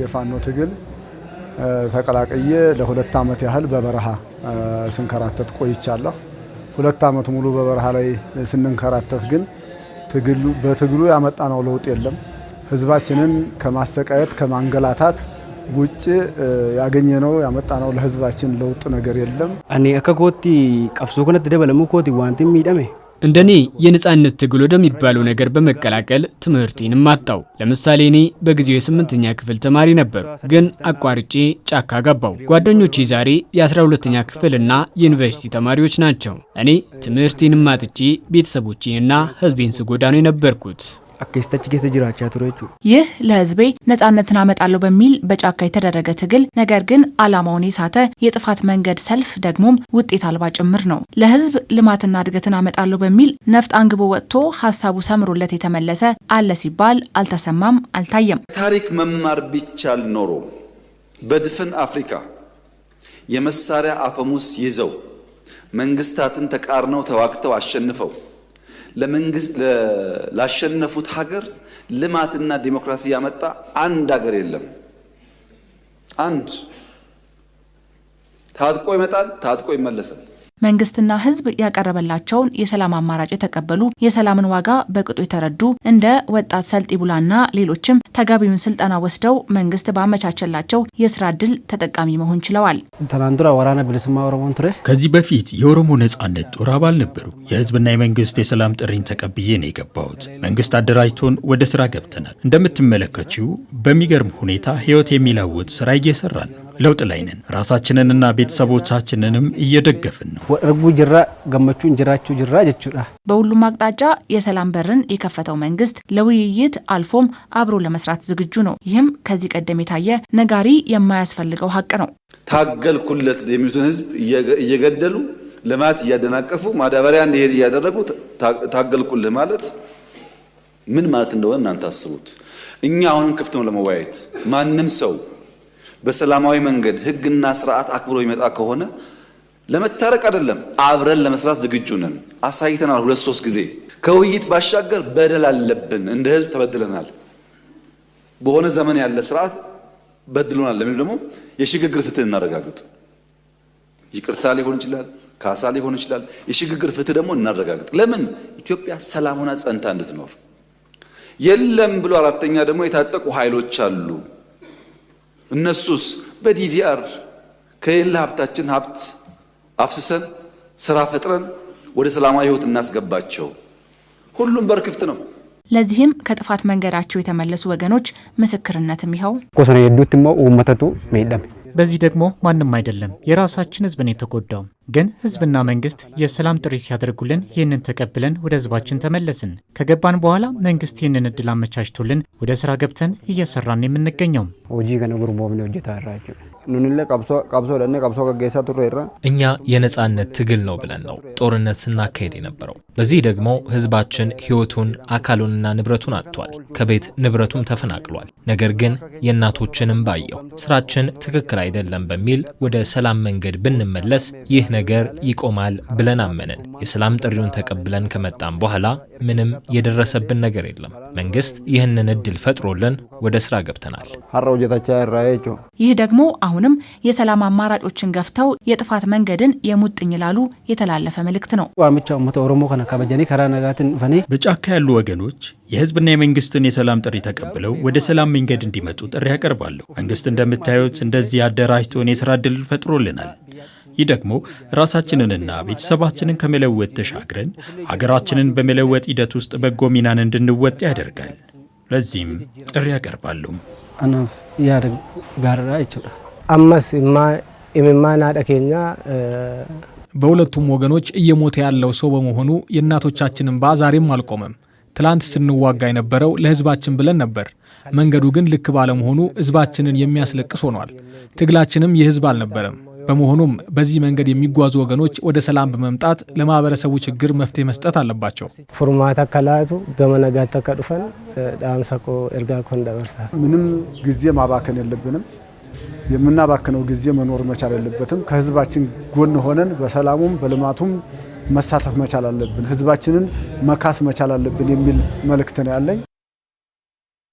የፋኖ ትግል ተቀላቅዬ ለሁለት ዓመት ያህል በበረሃ ስንከራተት ቆይቻለሁ። ሁለት ዓመት ሙሉ በበረሃ ላይ ስንንከራተት ግን ትግሉ በትግሉ ያመጣነው ለውጥ የለም። ህዝባችንን ከማሰቃየት ከማንገላታት ውጭ ያገኘ ነው ያመጣ ነው ለህዝባችን ለውጥ ነገር የለም። አኒ አከ ኮቲ ቀብሶ ከነት ደበለሙ ኮቲ ዋንቲ ሚደሜ እንደኔ የነጻነት ትግል ወደሚባለው ነገር በመቀላቀል ትምህርቴንም አጣው። ለምሳሌ እኔ በጊዜው የስምንተኛ ክፍል ተማሪ ነበር፣ ግን አቋርጬ ጫካ ገባው። ጓደኞቼ ዛሬ የ 12 ኛ ክፍልና የዩኒቨርሲቲ ተማሪዎች ናቸው። እኔ ትምህርቴንም አጥቼ ቤተሰቦቼንና ሕዝቤን ስጎዳ ነው የነበርኩት። አኬስታች ጅራቻ ቱረ ይህ ለህዝቤ ነጻነትን አመጣለሁ በሚል በጫካ የተደረገ ትግል ነገር ግን አላማውን የሳተ የጥፋት መንገድ ሰልፍ ደግሞም ውጤት አልባ ጭምር ነው። ለህዝብ ልማትና እድገትን አመጣለሁ በሚል ነፍጥ አንግቦ ወጥቶ ሀሳቡ ሰምሮለት የተመለሰ አለ ሲባል አልተሰማም፣ አልታየም። ታሪክ መማር ቢቻል ኖሮ በድፍን አፍሪካ የመሳሪያ አፈሙስ ይዘው መንግስታትን ተቃርነው ተዋግተው አሸንፈው ላሸነፉት ሀገር ልማትና ዲሞክራሲ ያመጣ አንድ ሀገር የለም። አንድ ታጥቆ ይመጣል፣ ታጥቆ ይመለሳል። መንግስትና ህዝብ ያቀረበላቸውን የሰላም አማራጭ የተቀበሉ የሰላምን ዋጋ በቅጡ የተረዱ እንደ ወጣት ሰልጥ ቡላና ሌሎችም ተገቢውን ስልጠና ወስደው መንግስት ባመቻቸላቸው የስራ እድል ተጠቃሚ መሆን ችለዋል። ከዚህ በፊት የኦሮሞ ነጻነት ጦር አባል ነበሩ። የህዝብና የመንግስት የሰላም ጥሪን ተቀብዬ ነው የገባሁት። መንግስት አደራጅቶን ወደ ስራ ገብተናል። እንደምትመለከችው በሚገርም ሁኔታ ህይወት የሚለውጥ ስራ እየሰራን ነው። ለውጥ ላይ ነን። ራሳችንንና ቤተሰቦቻችንንም እየደገፍን ነው። ወርጉ ጅራ ገመቹ ጅራችሁ ጅራ ጀቹዳ በሁሉም አቅጣጫ የሰላም በርን የከፈተው መንግስት ለውይይት አልፎም አብሮ ለመስራት ዝግጁ ነው። ይህም ከዚህ ቀደም የታየ ነጋሪ የማያስፈልገው ሀቅ ነው። ታገልኩለት የሚሉትን ህዝብ እየገደሉ ልማት እያደናቀፉ ማዳበሪያ እንዲሄድ እያደረጉ ታገልቁልህ ማለት ምን ማለት እንደሆነ እናንተ አስቡት። እኛ አሁንም ክፍት ነው ለመወያየት ማንም ሰው በሰላማዊ መንገድ ህግና ስርዓት አክብሮ ይመጣ ከሆነ ለመታረቅ አይደለም አብረን ለመስራት ዝግጁ ነን። አሳይተናል ሁለት ሶስት ጊዜ። ከውይይት ባሻገር በደል አለብን፣ እንደ ህዝብ ተበድለናል። በሆነ ዘመን ያለ ስርዓት በድሎናል ለሚ ደግሞ የሽግግር ፍትህ እናረጋግጥ። ይቅርታ ሊሆን ይችላል፣ ካሳ ሊሆን ይችላል። የሽግግር ፍትህ ደግሞ እናረጋግጥ። ለምን ኢትዮጵያ ሰላም ሆና ጸንታ እንድትኖር የለም ብሎ አራተኛ ደግሞ የታጠቁ ኃይሎች አሉ እነሱስ በዲዲአር ከሌላ ሀብታችን ሀብት አፍስሰን ስራ ፈጥረን ወደ ሰላማዊ ህይወት እናስገባቸው። ሁሉም በር ክፍት ነው። ለዚህም ከጥፋት መንገዳቸው የተመለሱ ወገኖች ምስክርነትም ይኸው ኮሰነ የዱት መተቱ በዚህ ደግሞ ማንም አይደለም፣ የራሳችን ህዝብን የተጎዳው። ግን ህዝብና መንግስት የሰላም ጥሪ ሲያደርጉልን ይህንን ተቀብለን ወደ ህዝባችን ተመለስን። ከገባን በኋላ መንግስት ይህንን እድል አመቻችቶልን ወደ ስራ ገብተን እየሰራን የምንገኘው ጂ እኛ የነጻነት ትግል ነው ብለን ነው ጦርነት ስናካሄድ የነበረው። በዚህ ደግሞ ህዝባችን ህይወቱን አካሉንና ንብረቱን አጥቷል፣ ከቤት ንብረቱም ተፈናቅሏል። ነገር ግን የእናቶችንም ባየው ስራችን ትክክል አይደለም በሚል ወደ ሰላም መንገድ ብንመለስ ይህ ነገር ይቆማል ብለን አመንን። የሰላም ጥሪውን ተቀብለን ከመጣም በኋላ ምንም የደረሰብን ነገር የለም። መንግስት ይህንን እድል ፈጥሮልን ወደ ስራ ገብተናል። ይህ ደግሞ አሁን አሁንም የሰላም አማራጮችን ገፍተው የጥፋት መንገድን የሙጥኝ ላሉ የተላለፈ መልእክት ነው። በጫካ ያሉ ወገኖች የህዝብና የመንግስትን የሰላም ጥሪ ተቀብለው ወደ ሰላም መንገድ እንዲመጡ ጥሪ ያቀርባለሁ። መንግስት እንደምታዩት እንደዚህ አደራጅቶን የስራ ዕድል ፈጥሮልናል። ይህ ደግሞ ራሳችንንና ቤተሰባችንን ከመለወጥ ተሻግረን አገራችንን በመለወጥ ሂደት ውስጥ በጎ ሚናን እንድንወጥ ያደርጋል። ለዚህም ጥሪ ያቀርባሉ። አመስ የመማና ደኬኛ በሁለቱም ወገኖች እየሞተ ያለው ሰው በመሆኑ የእናቶቻችን እንባ ዛሬም አልቆመም። ትላንት ስንዋጋ የነበረው ለህዝባችን ብለን ነበር። መንገዱ ግን ልክ ባለመሆኑ ህዝባችንን የሚያስለቅስ ሆኗል። ትግላችንም የህዝብ አልነበረም። በመሆኑም በዚህ መንገድ የሚጓዙ ወገኖች ወደ ሰላም በመምጣት ለማህበረሰቡ ችግር መፍትሄ መስጠት አለባቸው። ፉርማታ ከላቱ ገመነጋተ ከዱፈን ዳምሰኮ እርጋ ኮንደበርሳ ምንም ጊዜ ማባከን የለብንም። የምናባክነው ጊዜ መኖር መቻል የለበትም። ከህዝባችን ጎን ሆነን በሰላሙም በልማቱም መሳተፍ መቻል አለብን። ህዝባችንን መካስ መቻል አለብን የሚል መልእክት ነው ያለኝ።